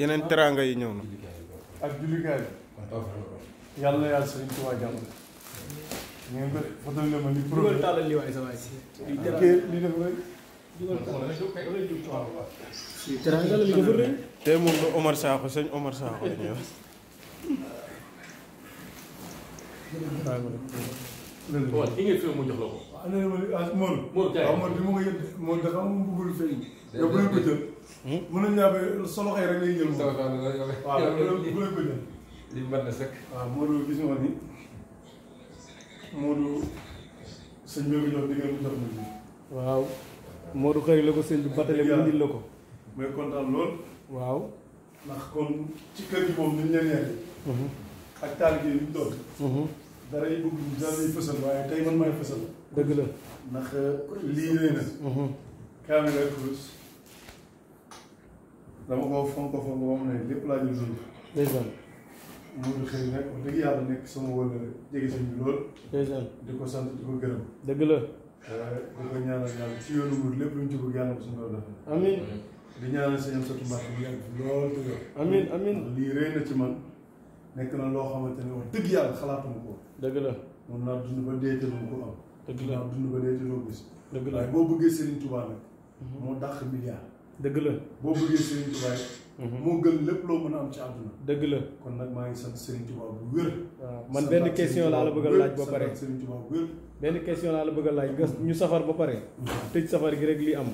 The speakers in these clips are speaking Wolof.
yeneen teraanga yi ñëw na. ak jullikaay bi. yàlla yàlla sëriñ Tuubaa jàmbale. ñu ngi ko foto nga ma waaw ki ngeen fi mu jox la ko. waaw nee na Mor. Mor Ndiaye waaw ah, Mor bi ma ko yëg Mor dafa am bëggul feeñ. yow bu leen ko jël. mën nañu laa ba sa loxo yi rek lay jël. sama fan la yow waaw yow bu leen ko jël. li mën na sëkk. waaw ah, Modou gis nga ni Modou sëñ bi nga jox digal mu jox ma ji. waaw Modou xëy la ko sëñ bi batale mu indil la ko. muy kontaan lool. waaw. ndax kon ci kër gi moom ni ñu leen yàggee. Hmm. ak taal gi ñu doon. dara yi bëgg dara yi fësal waaye tey man maay fësal. dëgg la ndax euh, lii rëy na. kaamil mhm. ak kurus dama ko fonk fonk ba mu lépp laa jël dund. ndeysaan. Modou xëy nag wax dëgg yàlla nekk sama wala jege sëñ bi lool. ndeysaan di ko sant di ko gërëm. dëgg la. di ko ñaanal yàlla ci yoonu Mouride lépp luñ jublu yàlla ko suñu doon defal. amiin di ñaanal sëñ Amsatou Mbacke mu yàgg lool. amiin amiin lii rëy ci man nekk na loo xamante ne wax dëgg yàlla xalaatuma ko. dëgg la moom naa dund ba dee te doo ko am. dëgg la naa dund ba dee te doo gis. dëgg la waaye boo bëggee Serigne mhm. moo dàq milliard. dëgg la boo bëggee Serigne Touba mhm. moo gën lépp loo mën a am dëgg la kon nag maa ngi sant Serigne Touba bu wér. man benn question laa la bëgg a laaj ba pare Serigne Touba benn question laa la bëgg a laaj nga ñu safar ba pare. Mhm. tëj safar gi rek lii am.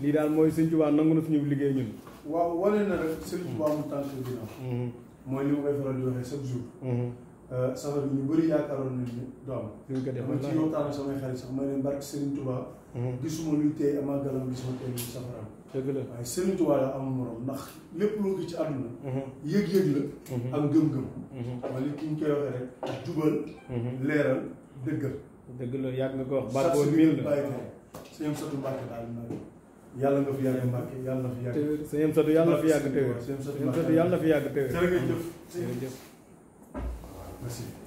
lii daal mooy Serigne Touba nangu na ñu liggéey ñun. waaw wane na rek Serigne Touba mu tànk ginnaaw. mooy li ma koy faral di waxee chaque jour. Euh, safar bi ñu bëri yaakaaroon nañ ñu du am. ñu ko defal samay xarit sax ma ne barke Serigne Touba. Mhm. gisuma luy tey ama galam gisuma tey lu safara am. dëgg la ndax lépp ci àdduna. Mhm. yëg-yëg la. am mhm. gëm-gëm. wala li ki ñu koy waxee rek jubal. leeral dëggal. dëgg la yàgg nga ko wax baat boo miin la Satu Mbàkke daal na yàlla nga fi yàgg Mbàkke yàlla na fi yàgg. sëñ Satu yàlla na fi yàgg teewul sëñ Satu yàlla na fi yàgg teewul Merci.